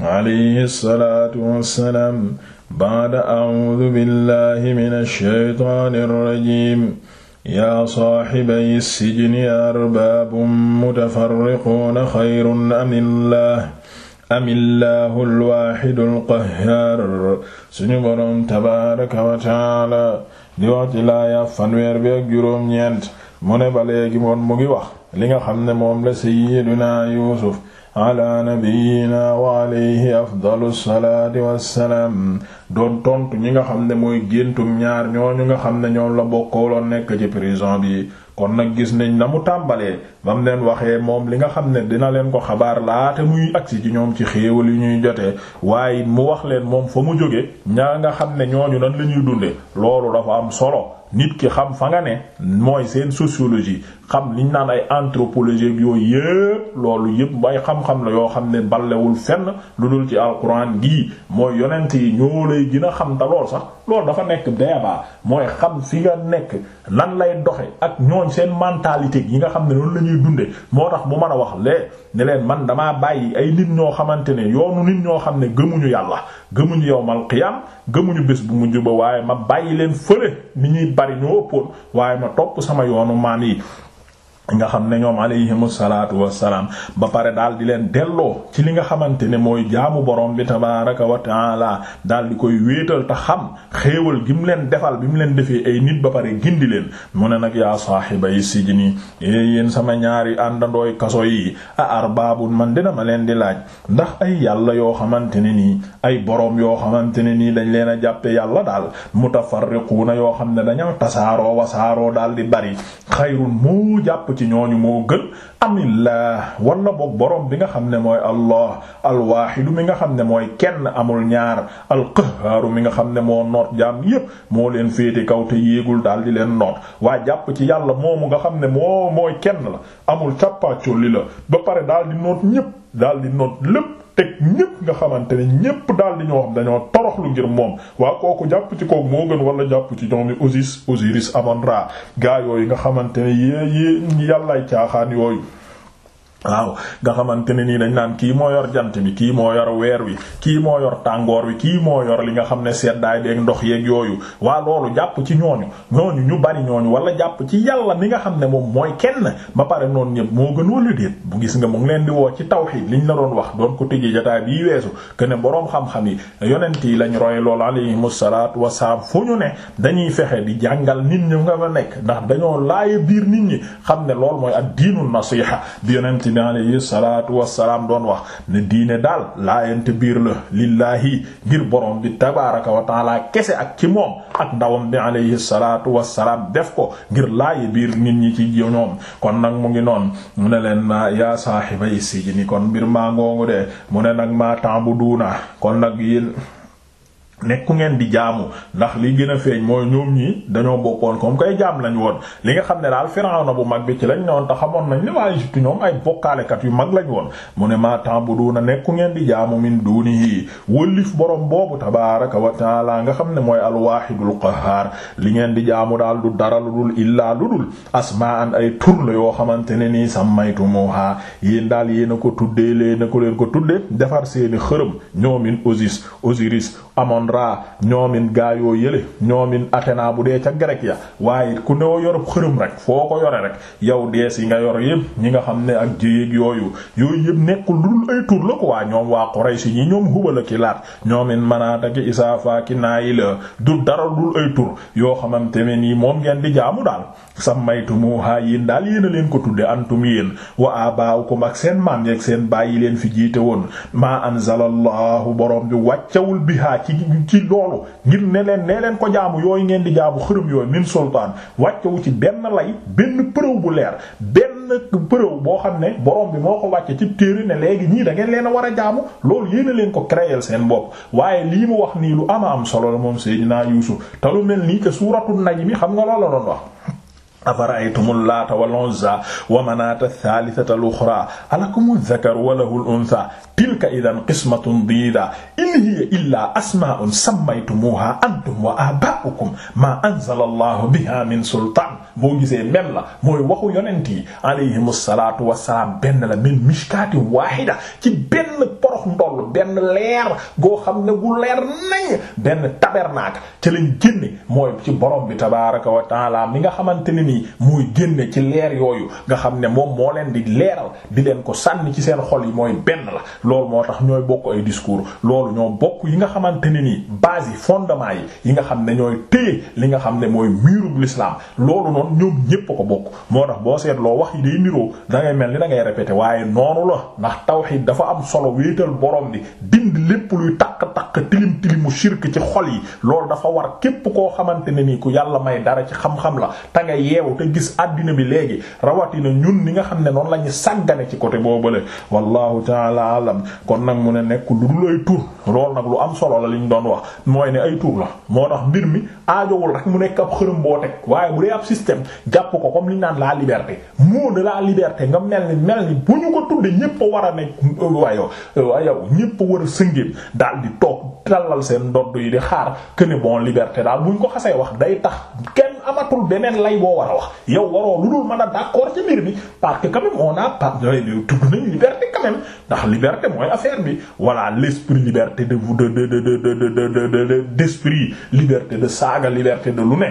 alayhi salaatu wassalaam baada audu billahi min alsheytaani alrajim yaa saaxibayi sijni arbaabun mutafarriquuna xayrun amillah amillahu alwaaxidu alqahhaar suñu boroom tabaaraka wa taala di wax ci laaya fanweer bi ak juróom-ñeent mu ne ba léegi moon mu ngi wax li nga xam ne moom la sayyidunaa Yuusuf ala nabiyyina wa alayhi afdalu salaati wassalaam doon tontu ñi nga xam ne mooy géntum ñaar ñooñu nga xam ne ñoom la bokkooloon nekk ci prison bi kon nag gis nañ na mu tàmbalee ba mu leen waxee moom li nga xam ne dina leen ko xabaar laate muy agsi ci ñoom ci xéewal yu ñuy jotee waaye mu wax leen moom fa mu jóge ñaa nga xam ne ñooñu nan la ñuy dunde loolu dafa am solo nit ki xam fa nga ne mooy seen sociologie xam ñu naan ay anthropologie yooyu yépp loolu yépp bay xam-xam la yoo xam ne balewul fenn lu dul ci alquran gii mooy yonent yi ñoo lay gën a xam te lool sax loolu dafa nekk débat mooy xam fi nga nekk lan lay doxe ak ñooñ seen mentalité yi nga xam ne noonu la ñuy dunde moo tax bu man a wax lee ne leen man damaa bàyyi ay nit ñoo xamante ne yoonu nit ñoo xam ne gëmuñu yàlla gëmuñu yowmal qiyam gëmuñu bés bu mujj ba waaye ma bàyyi bari ñoo waaye ma topp sama yoonu maam yi nga xam ne ñoom alayhimu salaatu wassalaam ba pare daal di leen delloo ci li nga xamante ne mooy jaamu boroom bi tabaaraka wa taala daal di koy wéetal tax xam xéewal gi mu leen defal bi mu leen defee ay nit ba pare gindi leen mu ne nag yaa saahibay sijni eh, yéen sama ñaari àndandooy kaso yi a arbaabun man dina ma leen di laaj ndax ay yàlla yoo xamante ne nii ay borom yoo xamante ne nii dañ leen a jàppe yàlla daal mutafarriquuna yoo xam ne dañoo tasaaroo wasaaroo daal di bari ci ñooñu moo gën amillah wala boog borom bi nga xam ne mooy allah alwaaxidu mi nga xam ne mooy kenn amul ñaar alqahaaru mi nga xam ne moo noot jàmm yépp moo leen féete kaw te yéegul daal di leen noot waa jàpp ci yàlla moomu nga xam ne moo mooy kenn la amul càppaacoli la ba pare daal di noot ñépp daal noot lépp teg ñépp nga xamante ne ñépp daal di ñoo xam dañoo toroxlu ngir moom waa kooku jàpp ci kooku moo gën wala jàpp ci ñoom Osiris Osiris Amon Ra gaa yooyu nga xamante ne yée yée yàllaay caaxaan yooyu waaw nga xamante ne nii dañ naan kii moo yor jant bi kii moo yor weer wi kii moo yor tàngoor wi kii moo yor li nga xam ne seddaay beeg ndox yeeg yooyu waa loolu jàpp ci ñooñu ñooñu ñu bari ñooñu wala jàpp ci yàlla mi nga xam ne moom mooy kenn ba pare noonu ñëpp moo gën wala déet bu gis nga mu ngi leen di woo ci tawhid liñ la doon wax doon ko tëjee jotaay bii weesu que ne boroom xam-xam yi yonent yi lañ roy loolu alayhimu salaatu wasalaam fu ñu ne dañuy fexe di jàngal nit ñi nga nekk ndax dañoo laaye biir nit ñi xam ne loolu mooy ad-diinu nasiha bi bi alayhi salaatu wassalaam doon wax ne diine daal laayante biir la lillaahi ngir borom bi tabaaraka wa kese ak ci moom ak ndawam bi alayhi salaatu wassalaam def ko ngir laaye biir nit ñi ci ñoom kon nag mu ngi noon mu ne leen maa yaa saaxibay sijni kon mbir maa ngoongu de mu ne nag maa taamu duuna kon nag yi nekku ngeen di jaamu ndax li gën a feeñ mooy ñoom ñii dañoo bokkoon comme koy jaam lañ woon li nga xam ne daal Firawna bu mag bi ci lañ newoon te xamoon nañ ne waa Égypte ñoom ay bokkaalekat yu mag lañ woon mu ne maa na nekku ngeen di jaamu min duunihi wëllif borom boobu tabaaraka wa taala nga xam ne mooy alwaahidul qahhaar li ngeen di jaamu daal du dara lu dul illaa lu dul asmaa'an ay tur la yoo xamante ne nii sammaytumuuhaa yéen daal yéen a ko tuddee leen a ko leen ko defar seeni xërëm ñoom in Osiris Samra ñoomin gaa yoo yële ñoomin Athéna bu dee ca grec ya waaye ku ne yorub xërëm rek foo ko yore rek yow dees yi nga yor yëpp ñi nga xam ne ak jéyeeg yooyu yooyu yëpp nekkul dul ay tur la quoi ñoom waa Quraysh ñi ñoom Hubal ki Laat ñoomin Manaata ki Isaafa ki Naayila du dara dul ay tur yoo xamante ne nii moom ngeen di jaamu daal sammaytumuha yéen daal yéen a leen ko tudde antum yéen wa ko ak seen maam yeeg seen bàyyi leen fi jiite woon maa anzalallahu boroom bi wàccawul biha ci ci loolu ngir ne leen ne leen ko jaamu yooyu ngeen di jaamu xërëm yooyu min sultaan wàccawu ci benn lay benn preuve bu leer benn preuve boo xam ne borom bi moo ko wàcce ci téere ne léegi ñii da ngeen leen a war a jaamu loolu yéen leen ko créer seen bopp waaye lii mu wax nii lu ama am solo la moom Seydina Yuusuf te lu mel nii que suuratul najmi xam nga loolu la doon afara'aytumul laata wal uzza wa manaata thalithata al-ukhra alakumu dhakaru wa lahu al-untha tilka idan qismatun diida in hiya illaa asmaa'un sammaytumuuhaa antum wa aabaa'ukum maa anzala allahu bihaa min sultaan boo gisee même la mooy waxu yonent yi alayhimu salaatu wassalaam benn la min mishkaati waahida ci benn porox ndoll benn leer goo xam ne gu leer nañ benn tabernacle ci lañ génne mooy ci borom bi tabaaraka wa taala mi nga xamante ne nii mooy génne ci leer yooyu nga xam ne moom moo leen di leeral di leen ko sànni ci seen xol yi mooy benn la loolu moo tax ñooy bokk ay discours loolu ñoo bokk yi nga xamante ne nii base yi fondement yi yi nga xam ne ñooy téye li nga xam ne mooy miirub l'islam loolu noonu ñoom ñépp ko bokk moo tax boo seetloo wax yi day niroo da ngay mel ni da ngay répéter waaye noonu la ndax tawhid dafa am solo wéetal borom bi dind lépp luy takk-takk tilim tilimu shirk ci xol yi loolu dafa war képp koo xamante ne nii ku yàlla may dara ci xam-xam la te nga yeewu te gis àddina bi léegi rawatina ñun ni nga xam ne noonu la ñu sàggane ci côté boobale kon nag mu ne nekk lu dul ay tur loolu nag lu am solo la liñ doon wax mooy ne ay tur la moo tax mbir mi aajowul rek mu nekk ab xërëm boo teg waaye bu dee ab système jàpp ko comme liñ naan la liberté mot de la liberté nga mel ni mel ni bu ñu ko tuddee ñépp a war a nekk waayo waayow ñépp a war a sëngéen dal di toog tallal seen ndodd yi di xaar que ne bon liberté daal buñ ko xasee wax day tax kenn amatul beneen lay boo war a wax yow waroo lu dul mën a d'accord quand même ndax liberté mooy affaire bi voilà l'esprit liberté de de de de de de de d'esprit liberté de saaga liberté de lu ne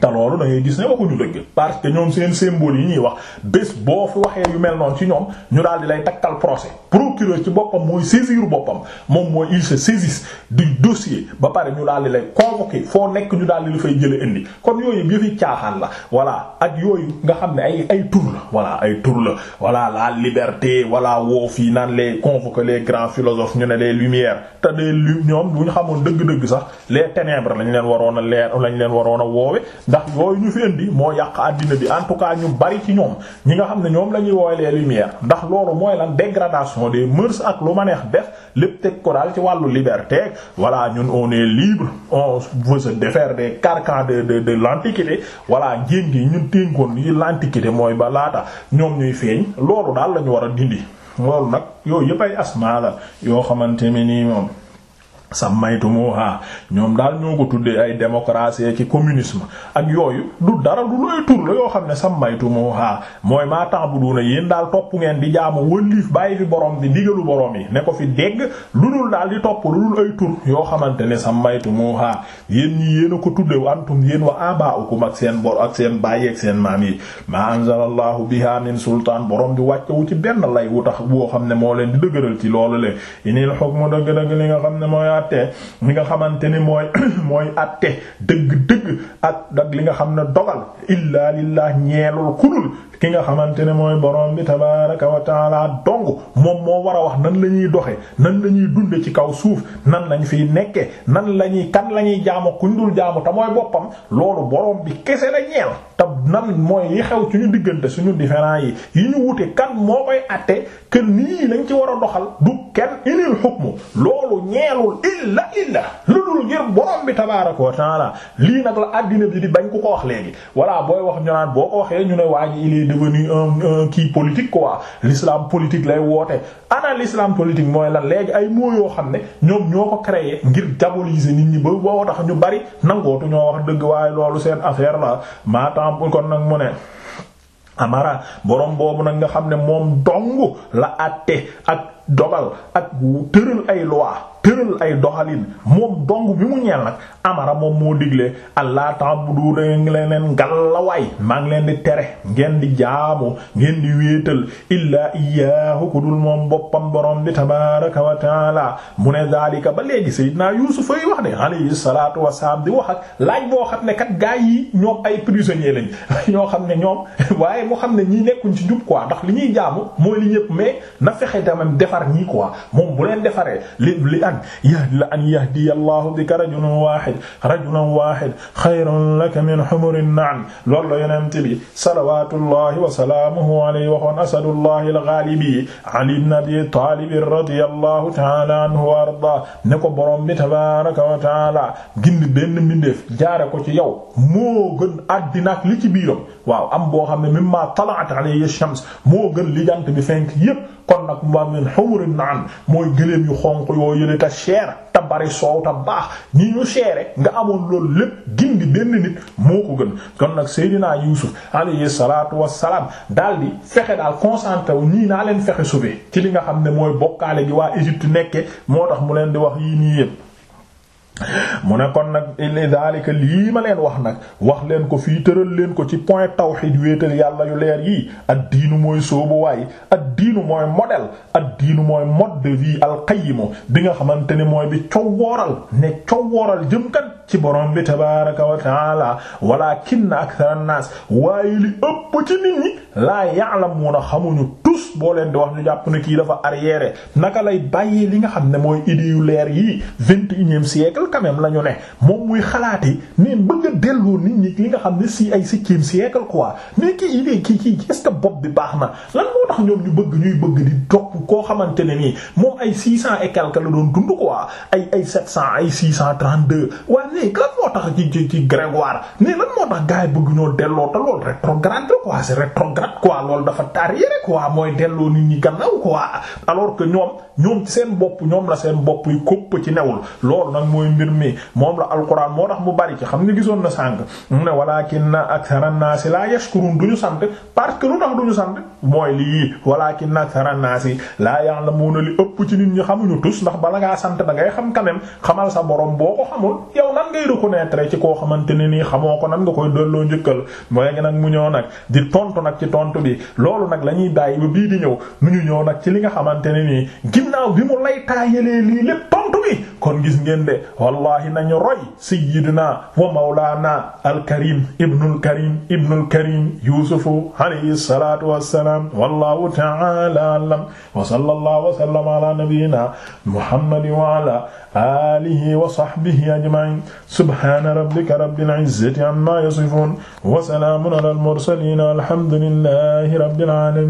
te loolu da ngay gis ne waxuñu dëgg parce que ñoom seen symbole yi ñuy wax bés boo fi waxee yu mel noonu ci ñoom ñu daal di lay takkal procès procureur ci boppam mooy saisir boppam moom mooy il se saisit du dossier ba pare ñu daal di lay convoquer foo nekk ñu daal di la fay jëlee indi kon yooyu yëpp yëfi caaxaan la voilà ak yooyu nga xam ne ay ay tur ay tur la laa la liberté voilà woo fii naan les convoquer les grands philosophes ñu ne les lumières te les lu ñoom bu ñu xamoon dëgg-dëgg sax les ténèbres leen waroon a leer lañ leen waroon a woowe ndax yooyu ñu fi bi moo yàq àddina bi en tout cas ñu bari ci ñoom ñi nga xam ne ñoom la ñuy woowe les ndax loolu mooy lan dégradation des mœurs ak lu ma neex def lépp teg ko daal ci wàllu liberté voilà ñun on est libre on veut se défaire des carcans de de de l'antiquité voilà njéen gi ñun ténkoon yi l'antiquité mooy ba laata ñoom ñuy feeñ loolu daal la ñu war a dindi loolu nag yooyu yëpp ay asmaa la yoo xamante ne nii moom. sammaytumuha ñoom daal ñoo ko tuddee ay démocratie ci communisme ak yooyu du dara du lay tur la yoo xam ne sammaytumuha mooy maa ta'buduna yéen daal topp ngeen di jaamu bàyyi fi borom di digalu borom yi ne ko fi dégg lu dul daal di topp lu dul ay tur yoo xamante ne moo yéen ñii yéen a ko tudde wa antum yéen wa aba'ukum ak seen bor ak seen bàyyi ak seen maam yi ma anzalallahu biha min sultaan borom di wàccewu ci benn lay wu tax boo xam ne moo leen di dëgëral ci loolu le inil hukmu dëgg dëgg li nga àtte li nga xamante ni mooy mooy àtte dëgg-dëgg ak ak li nga xam ne dogal illaa lillah ñeelul kudul ki nga xamante ne mooy borom bi tabaraka wa taala dong moom moo war a wax nan la ñuy doxe nan la ñuy dunde ci kaw suuf nan lañ fiy nekke nan la ñuy kan la ñuy jaamu jaamu te mooy boppam loolu borom bi kese na ñeel te nan mooy yi xew suñu diggante suñu différent yi yi ñu wute kan moo koy atte kër nii lañ ci war a doxal du kenn inil hukmu loolu ñeelul illa illa lu dul ngir borom bi tabaaraka wa lii nag la àddina bi di bañ ku ko wax léegi voilà booy wax ñu boo ko waxee ñu ne waa ji il est devenu un kii politique quoi politique lay woote ana l'islam politique mooy lan léegi ay mots yoo xam ne ñoom ñoo ko créé ngir diaboliser nit ñi ba boo tax ñu bari nangootu ñoo wax dëgg waaye loolu seen affaire la maataam kon nag mu ne amara borom boobu nag nga xam ne moom dong la àtte ak dogal ak tëral ay loi tëral ay doxalin moom dong bi mu ñeel nag amara moom moo digle allah ta'budu ngi leen ngallawaay maa ngi leen di tere ngeen di jaamu ngeen di wéetal illaa iyyaahu ku dul moom boppam borom bi tabaaraka wa taala mu ne zaalika ba léegi sayyidina Yuusuf ay wax de alayhi salaatu wa salaam di wax ak laaj boo xam ne kat gaa yi ñoom ay prisonniers lañ ñoo xam ne ñoom waaye moo xam ne ñii nekkuñ ci jub quoi ndax li ñuy jaamu mooy li ñëpp mais na fexe tamit defar ñii quoi an yahla an yahdiya allahu bika rajulan wahid rajulan wahid xayrun laka min humuri na'am loolu la yonent bi salawatullahi wa salaamuhu alayhi waxoon asadullahi al-ghalibi ali ibn abi talib radiyallahu ta'ala anhu wa arda ne ko borom bi tabaraka wa taala gindi benn mbindeef jaare ko ci yow moo gën àddina ak li ci biiram waaw am boo xam ne mimma tala'at alayhi ash-shams moo gën li jant bi fenk yépp kon nag mu min humuri na'am mooy gëléem yu xonq yoo yële ka cher te bari soow te baax ñi ñu chéré nga amoon loolu lépp gindi benn nit moo ko gën kon nag Seydina Yuusuf alayhi salaatu wassalaam daal di fexe daal concentré wu nii naa leen fexe sauver ci li nga xam ne mooy bokkaale gi waa Égypte nekke moo tax mu leen di wax yii nii yépp mu ne kon nag dalika lii ma leen wax nag wax leen ko fii tëral leen ko ci point tawxid wéetal yàlla yu leer yii ad diinu mooy soobuwaay ad diinu mooy modèle ad diinu mooy mode de vie alqayimu bi nga xamante ne mooy bi cowooral ne cowooral jëm kat ci borom bi tabaraka wa taala walakinna akthara an-nas waaye li ëpp ci nit ñi laa ya'lamuna xamuñu tus boo leen di wax ñu jàpp ne kii dafa arrière naka lay bàyyee li nga xam ne mooy idée yu leer yii vingt et unième siècle quand même la ne moom muy xalaat yi neen bëgg a delloo nit ñi li nga xam ne si ay septième siècle quoi mais kii idée kii kii est-ce que bopp bi baax na lan moo tax ñoom ñu bëgg ñuy bëgg di topp koo xamante ne nii moo ay six cent et quelque la doon dund quoi ay ay sept cent ay six cent trente-deux waaye léegi lan moo tax ci ci ci Grégoire mais lan moo tax gars yi bëgg ñoo delloo te loolu rétrograde mooy delloo nit ñi gannaaw quoi alors que ñoom ñoom ci seen bopp ñoom la seen bopp yi kopp ci newul loolu nag mooy mbir mi moom la alquran moo tax mu bari ci la yashkurun duñu sant parce que lu tax duñu sant mooy lii walakinna akthara an-naasi la ya'lamuna li ëpp ci nit ñi xamuñu tus ndax bala ngaa sant da ngay xam quand xamal sa borom boo ko xamul yow nan ngay reconnaître ci koo xamante ne nii xamoo ko nan nga koy delloo njëkkal mooy nag mu ñëw nag di tontu nag ci tontu bi loolu nag lañuy bàyyi bii di ñëw nu ñu ñëw nag ci li nga xamante ne nii ginnaaw bi mu lay taayalee lii lépp tontu bi kon gis ngeen de wallahi nañu roy sayyidina wa mawlaana alkarim ibnul karim ibnul karim yusufu alayhi salatu wassalam wallahu ta'ala a'lam wa sallallahu wa sallama ala nabiyyina muhammadin wa ala alihi wa sahbihi ajma'in subhana rabbika rabbil izzati amma yasifun wa salamun ala al mursalin alhamdulillahi rabbil alamin